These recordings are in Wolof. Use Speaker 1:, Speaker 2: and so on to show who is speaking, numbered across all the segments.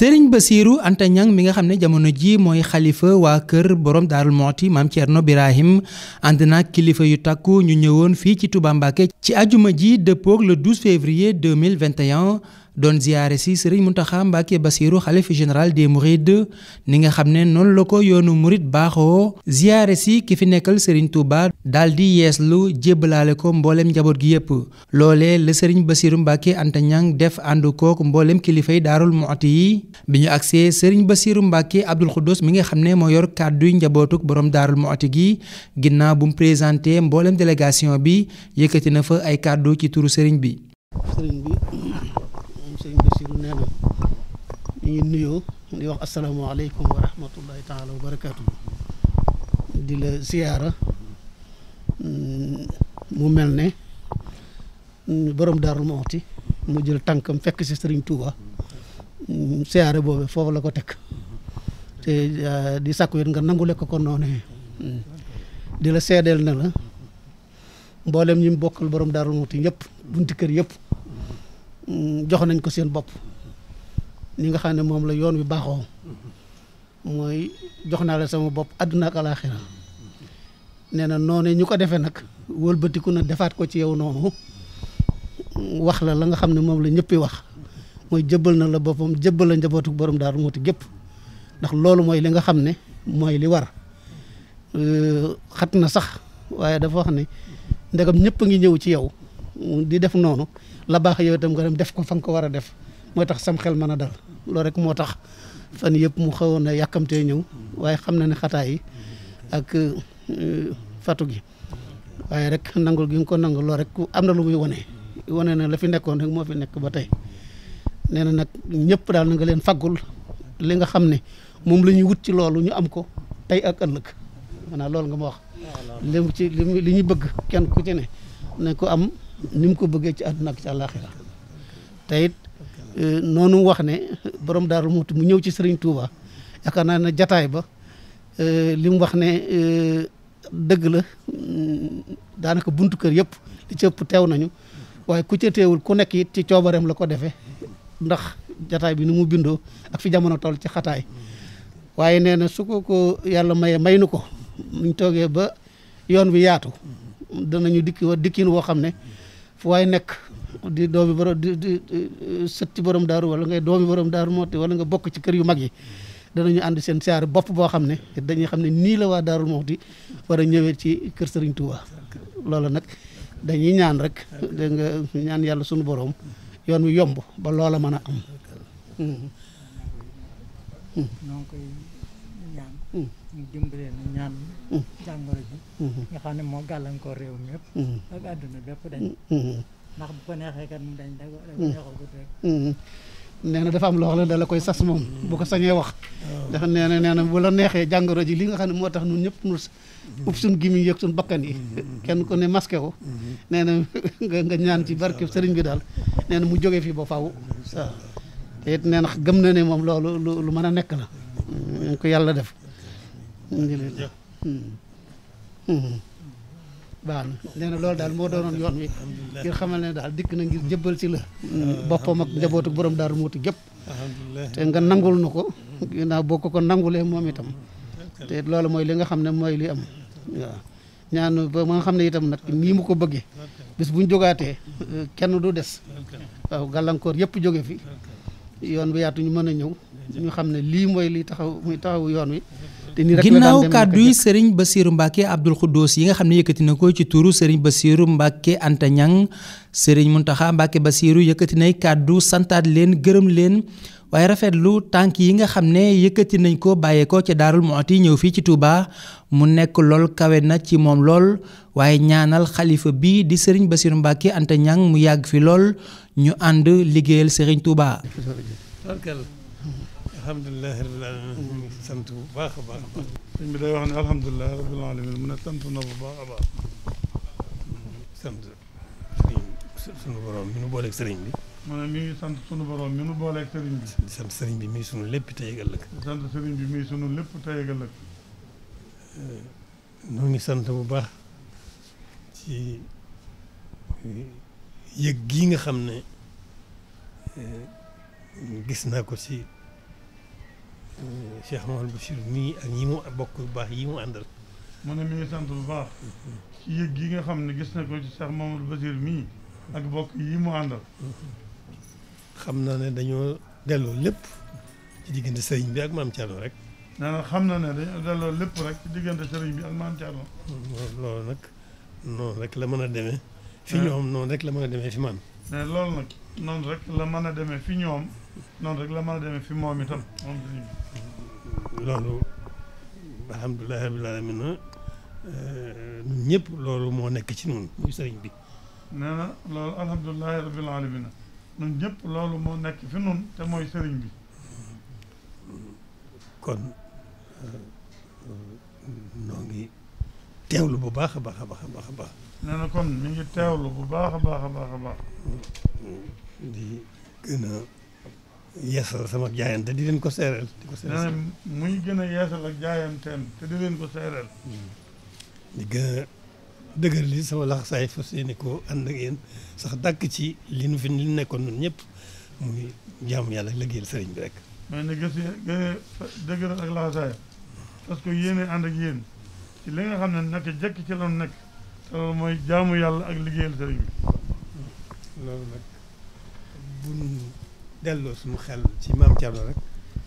Speaker 1: Serigne Bassirou Anta Niang mi nga xam ne jamono ji mooy xalifa waa kër borom Daarul Mooti maam Thierno Birahim ànd na kilifa yu takku ñu ñëwoon fii ci Touba ci ajuma ji dëppook le 12 février 2021 doon ziyaare si sëriñ Muntaxa Mbàkke Basiiru xalifa général des Mourides ni nga xam ne noonu la ko yoonu murit baaxoo ziyaare si ki fi nekkal sëriñ Touba daal di yeeslu jébbalaale ko mbooleem njaboot gi yépp loole la sëriñ Basiiru Mbàkke Anta Ñang def ànd kook mbooleem kilifay Daarul Muxti yi bi ñu agsee sëriñ Basiiru Mbàkke Abdul Xuddus mi nga xam ne moo yor kàdduy njabootuk boroom Daarul Muxti gi ginnaaw bu mu présenté mbooleem délégation bi yëkkati na fa ay kàddu ci turu sëriñ bi
Speaker 2: ñuy nuyoo di wax asalaamaaleykum wa rahmatullahi taala wa di la ziyaara mm, mu mel ne mm, borom Daaru Muxti mu jël tànkam fekk si Sëriñ Tuuba mm, ziyaara boobe foofu la ko teg te uh, di sàkku yit nga nangule ko kon di la seedeel na la mboolem ñi mu bokkal borom Daaru Muxti ñëpp bunti kër yëpp jox nañ ko seen bopp ni nga xam ne moom la yoon wi baaxoo mooy jox naa la sama bopp àdduna ak alaaxira nee na noonu ñu ko defee nag wëlbatiku na defaat ko ci yow noonu wax la la nga xam ne moom la ñëppi wax mooy jëbbal na la boppam jëbbal la njabootu borom Daaru Muxti gépp ndax loolu mooy li nga xam ne mooy li war euh, xat na sax waaye dafa wax ne ndegam ñëpp a ngi ñëw ci yow di def noonu la baax yow itam nga dem def ko fa nga ko war a def mooy tax sam xel mën a dal loolu rek moo tax fan yëpp mu xawoon na yàkkamtee ñëw waaye xam na ne xataay ak euh, fatu gi waaye rek nangul gi nga ko nangul loolu rek am na lu muy wane wane na la fi nekkoon rek moo fi nekk ba tey nee na nag ñëpp daal na nga leen faggul li nga xam ne moom la ñuy wut ci loolu ñu am ko tey ak ëllëg maanaam loolu nga ma wax li ñu bëgg kenn ku ci ne nañ ko am ni ko bëggee ci àdduna ak ci àllaaxira tey Euh, noonu wax ne borom daaru Muxti mu ñëw ci Serigne Touba yaakaar ne jataay ba euh, li mu wax ne euh, dëgg la mm, daanaka buntu kër yëpp li ci teew nañu waaye ku ca ku nekk it ci coobareem la ko defee ndax jataay bi nu mu bindoo ak fi jamono toll ci xataay waaye nee na su ko ko yàlla maye may nu ko muñ toogee ba yoon bi yaatu danañu dikki wa dikkin woo xam ne fu waay nekk di doomi borom di di eh, sëtti borom daaru wala ngay doomi borom daaru moo te wala nga bokk ci kër yu mag yi dana ñu ànd seen siyaare bopp boo xam ne dañuy xam ne nii la waa Daarul Muxti war a ñëwee ci kër Serigne Touba loolu nag dañuy ñaan rek da nga ñaan yàlla sunu boroom yoon wi yomb ba loola mën a am.
Speaker 1: ñoo koy ñaan. Mm. Mm. ndax bu ko neexee kat mu da ko mm. mm-hmm.
Speaker 2: na dafa am loo xam ne la koy sas moom bu ko sañee wax mm. dafa nee na nee na bu la neexee jàngoro ji li nga xam ne moo tax nu ñëpp nu mm-hmm. ub suñ gimiñ yëg suñ bakkan yi mm-hmm. kenn ko ne masqué ko nee na nga ñaan ci barke sëriñ bi daal nee na mu jóge fii ba faw waaw te it gëm na ne moom loolu lu mën a nekk la ñu mm, ko yàlla def baax na nee na loolu daal moo doonoon yoon wi ngir xamal ne daal dikk na ngir jëbbal si la boppam ak njabootu borom daaru muuti gépp te nga nangul nu ko ginnaaw boo ko ko nangulee moom itam te loolu mooy li nga xam ne mooy li am waaw ñaan ba nga xam ne itam nag nii mu ko bëggee bis buñ jógaatee eh, kenn du des waaw gàllankoor yëpp jóge fi yoon bi yaatu ñu mën a ñëw ñu xam ne lii mooy li taxaw muy taxaw yoon wi te nii rek la daan ginnaaw kàddu yi
Speaker 1: Serigne Bassirou Mbacke Abdoul Khoudous yi nga xam ne yëkkati na ko ci turu sëriñ Bassirou Mbacke Anta Niang Serigne Mountakha Mbacke Bassirou yëkkati nay kàddu santaat leen gërëm leen. waaye rafetlu tànk yi nga xam ne yëkkati nañ ko bàyyeekoo ca Daarul Muhti ñëw fii ci Touba mu nekk lool kawe na ci moom lool waaye ñaanal xalifa bi di sëriñ basiiru Mbacke Anta Niang mu yàgg fi lool ñu ànd liggéeyal Serigne Touba.
Speaker 3: alhamdulilah rabbil sant bu baax a baax a bi day wax alhamdulilah rabbil alamin mu ne bu baax a sunu borom mi nu booleeg sëriñ bi. mu sant sunu borom mi nu bi. di sant sunu lépp tey ak ëllëg. di sant bi muy sunu lépp tey ak eh, ngi sant bu baax ci eh, yëg gii nga xam ne eh, gis naa ko ci. Cheikh Mouhamadou Bachir mii ak ñi mu bokk bu baax yi mu àndal. mu ne mi ngi sant bu baax ci yëg yi nga xam ne gis na ko ci Cheikh Mouhamadou Bachir mii ak bokk yi mu àndal. xam na ne dañoo delloo lépp ci diggante sëriñ bi ak maam Thierno rek. na xam na ne dañoo delloo lépp rek diggante sëriñ bi ak maam Thierno. loolu nag noonu rek la mën a demee. fi ñoom noonu rek la mën a demee fi maam. mais loolu nag noonu rek la mën a demee fi ñoom. noonu rek la mën a demee fi moom itam moom sëriñ bi loolu alhamdulilahi rabbil alamin eh, ñun loolu moo nekk ci ñun muy sëriñ bi nee na loolu alhamdulilahi rabbil alamin ñun ñëpp loolu moo nekk fi kon eh, noo ngi teewlu bu baax a baax a baax a baax a baax nee kon mi ngi teewlu bu baax a baax a baax a baax di gën yeesal sama jaayante di leen ko seereel di ko seereel muy gën a yeesal ak jaayanteem te di leen ko seereel hmm. di gën dëgër li sama laxasaay fas yéene ko ànd ak yéen sax dàkk ci li nu fi nu nekkoon nun ñëpp muy jaamu yàlla ak liggéeyal sëriñ bi rek mais ne gës gën a xam ne naka jekk ci mooy jaamu yàlla ak delloo suñu xel ci maam Thierno rek.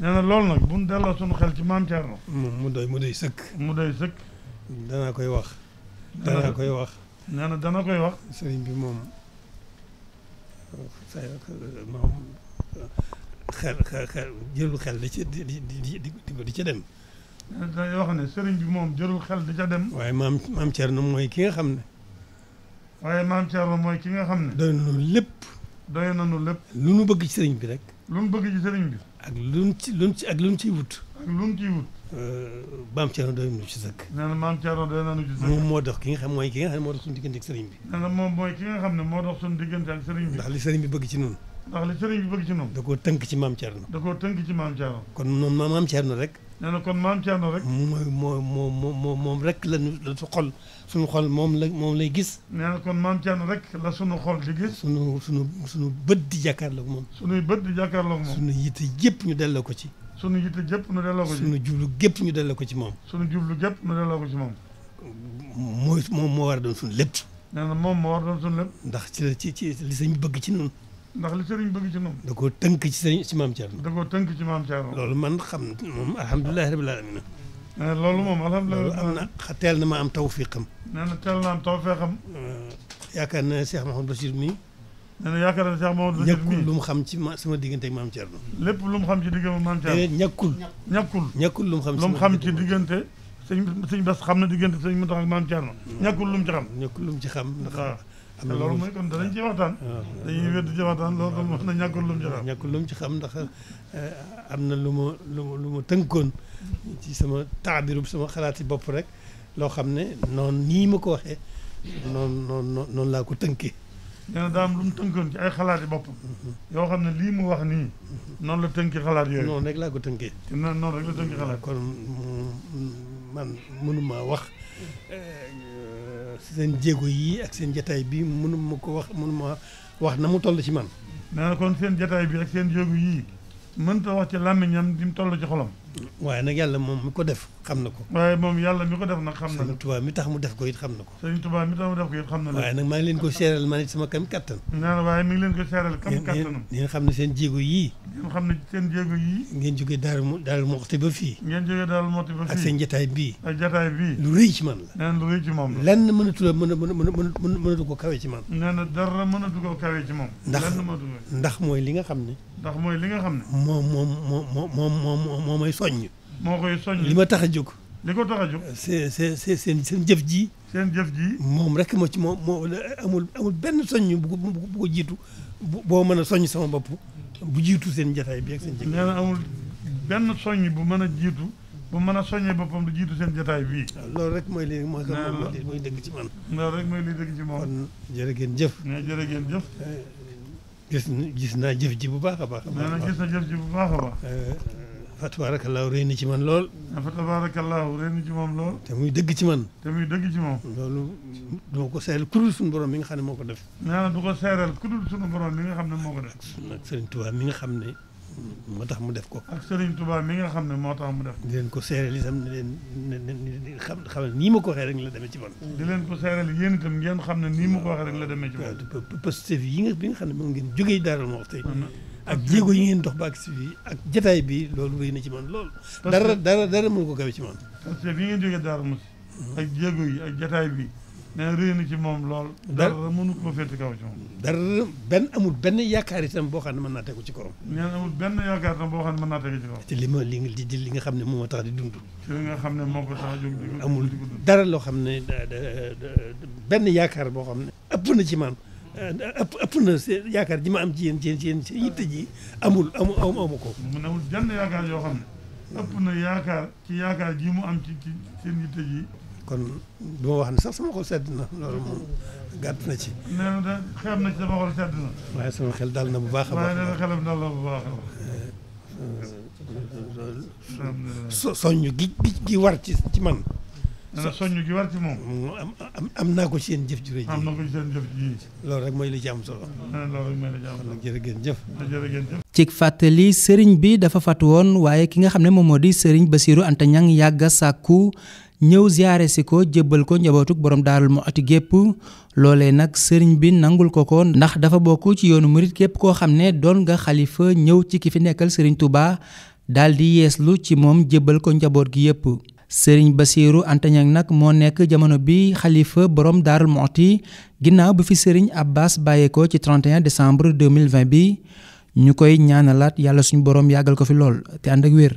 Speaker 3: nee na loolu nag bu ñu xel ci maam Thierno. mu doy mu doy sëkk. mu doy sëkk. dana koy wax. danaa koy wax. nee na dana koy wax. sëriñ bi moom say xel xel xel xel di ci di di ca dem. dañuy wax ne sëriñ bi moom jërul xel di ca dem. waaye maam maam na mooy ki nga xam ne. waaye maam Thierno mooy ki nga xam ne. doy na lépp. doy nañu lépp. lu nu bëgg ci sëriñ bi rek. lu nu bëgg ci sëriñ bi. ak lu nu ci lu ak lu nu ciy wut. ak lu nu ciy wut. Euh, maam Thierno doy nañu ci sëkk. nee na maam Thierno doy nañu ci sëkk. moom moo dox ki nga xam mooy ki ne moo dox suñu diggante ak sëriñ bi. nee na moom mooy ki nga xam ne moo dox suñu diggante ak sëriñ bi. ndax li sëriñ bi bëgg ci noonu. ndax li sëriñ bi bëgg ci noonu. da koo tënk ci maam Thierno. da koo tënk ci maam Thierno. kon moom maam rek. nee na kon maam Thierno rek. mooy moo moo moo moom rek la su xol suñu xol moom la moom lay gis. nee kon maam rek suñu xol di gis. sunu sunu bët di jàkkaarloog moom. sunuy bët di jàkkaarloog moom. sunu ñu delloo ko ci. sunu yitte yëpp ñu delloo jublu gépp ñu delloo ko ci moom. sunu jublu gépp ñu delloo ko moom. moo war a doon sunu lépp. nee na moom moo war a doon sunu lépp. ndax ci la ci ci bëgg ci noonu ndax li sëriñ bëgg ci moom. da koo tënk ci sëriñ ci maam Thierno. da koo tënk ci maam Thierno. loolu man xam moom alhamdulilah rabbil alamin. Eh, loolu moom alhamdulilah loolu am na teel na ma am tawfiqam. nee na teel na am tawfiqam. Eh, yaakaar naa ne Cheikh Mahamadou Bachir mii. nee na yaakaar naa ne Cheikh Mahamadou Bachir mii ñàkkul lu mu xam ci ma sama diggante ak maam Thierno. lépp lu mu xam ci diggante maam Thierno. déedéet eh, ñàkkul. ñàkkul ñàkkul lu mu xam ci lu mu xam ci diggante. sëñ sëñ Bass xam na diggante sëñ Mountakha ak maam Thierno. Mm. ñàkkul lu mu ci xam ñàkkul lu mu ci xam ndax loolu mooy kon danañ ci waxtaan ah, ah, ah. dañuy wedd loolu kon na ñàkkul lu mu ci xam lu ci xam ndax eh, am na lu ma lu ma tënkoon ci sama taabirub sama xalaati bopp rek loo xam ne noonu nii ma ko waxe noonu noonu noonu laa ko tënkee nee tënkoon ci ay xalaati mm-hmm. xam ne lii mu wax mm-hmm. noonu la tënkee xalaat yooyu noonu rek laa ko tënkee noonu rek kon mm, man wax eh, seen jéego yi ak seen jataay bi mënu ma ko wax mënu ma wax na mu toll ci man. nee kon seen jataay bi ak seen jéego yii mënta wax ci làmmiñam di mu toll ci xolam. waaye nag yàlla moom mi ko def xam na ko waaye moom yàlla mi ko def nag xam na sëñ Tuubaa mi tax mu def ko it xam na ko sëñ Tuubaa mi tax mu def ko it xam na waaye nag maa ngi leen ko seeral man it sama kam kattan naan waaye mi ngi leen ko seeral kam kattanam ngeen xam ne seen jéego yii ngeen xam ne seen jéego yii ngeen jógee daaru daaru moxti ba fii ngeen jógee daaru moxti ba fii ak seen jataay bii ak jataay bii lu rëy ci man la nee na lu rëy ci moom la lenn mënatu la mën a mën a mën mënatu ko kawe ci man nee na dara mënatu ko kawe ci moom ndax ndax mooy li nga xam ne ndax mooy li nga xam ne moom moom moom moom moom moom soññ. moo koy soññ li ma tax a jóg. li ko tax seen seen jëf jii seen jëf ji moom rek moo ci moo moo amul amul benn soññ bu ko bu jiitu boo mën a soññ sama bopp bu jiitu seen jataay bi ak seen. nee benn soññ bu mën a jiitu. bu mën a soññee boppam du jiitu seen jotaay bii. loolu rek mooy li mooy mooy dëgg ci man. loolu rek mooy li dëgg ci moom. ngeen jëf. nee jërë eh, gis gis naa jëf ji bu baax a baax. nee baax a baax. fa tabaarakallaahu rëy na ci man lool. fa tabaarakallaahu rëy na ci moom lool. te muy dëgg ci man. te muy dëgg ci moom. loolu duma ko seeral kudul suñu borom mi nga xam ne moo ko def. nee na du ko seeral kudul suñu borom mi nga xam ne moo ko def. ak Serigne Touba mi nga xam ne moo tax mu def ko. ak Serigne Touba mi nga xam ne moo tax mu def ko. di leen ko seeral itam ne leen xam xam nii ma ko waxee rek la demee ci man. di leen ko seeral yéen itam ngeen xam ne nii ma ko waxee rek la demee ci man. waaw te positif yi nga bi nga xam ne moom ngeen jógee daaral moo wax tey ak jéego yi ngeen dox ba ak si fii ak jataay bi loolu rëy na ci man loolu. dara dara dara mënu ko kawe ci man. parce que bi ngeen jataay bi. nee rëy na ci moom lool. dara mënu ko féete dara benn amul benn yaakaar itam boo xam ne mën naa tegu ci kawam. nee amul benn yaakaar itam boo xam ne naa tegu ci kawam. te li ma li li li nga xam ne moo tax dund. nga xam ne moo ko tax a jóg dara loo xam ne benn yaakaar boo xam ne ëpp na ci man. ëpp na yaakaar ji ma am ci yéen ci yéen ci yitte ji amul amu amu ko. mu amul jënd yaakaar yoo xam ne. ëpp na yaakaar ci yaakaar ji mu am ci ci seen yitte ji. kon du wax sax sama sedd na loolu moom gàtt na ci. nee sedd na. waaye sama xel dal na bu baax a a baax. Eh, eh, soññu gi gi war ci man. dana am na ko ci jëf mooy li ci am
Speaker 1: cig fàttali sëriñ bi dafa fatu woon waaye ki nga xam ne moom moo di sëriñ Basiru Anta Ñang yàgg a sàkku ñëw ziare si ko jëbbal ko njabootug borom daarul mu ati gépp loole nag sëriñ bi nangul ko ko ndax dafa bokk ci yoonu murit képp koo xam ne doon nga xalifa ñëw ci ki fi nekkal sëriñ Touba daal di yeeslu ci moom jëbbal ko njaboot gi yépp sëriñ Basiiru Anta Ñaŋ nag moo nekk jamono bi xalifa borom Daarul Muxti ginnaaw bi fi sëriñ Abbas bàyyeekoo ci 31 décembre 2020 bi ñu koy ñaanalaat yàlla suñu borom yàggal ko fi lool te ànd ak wér.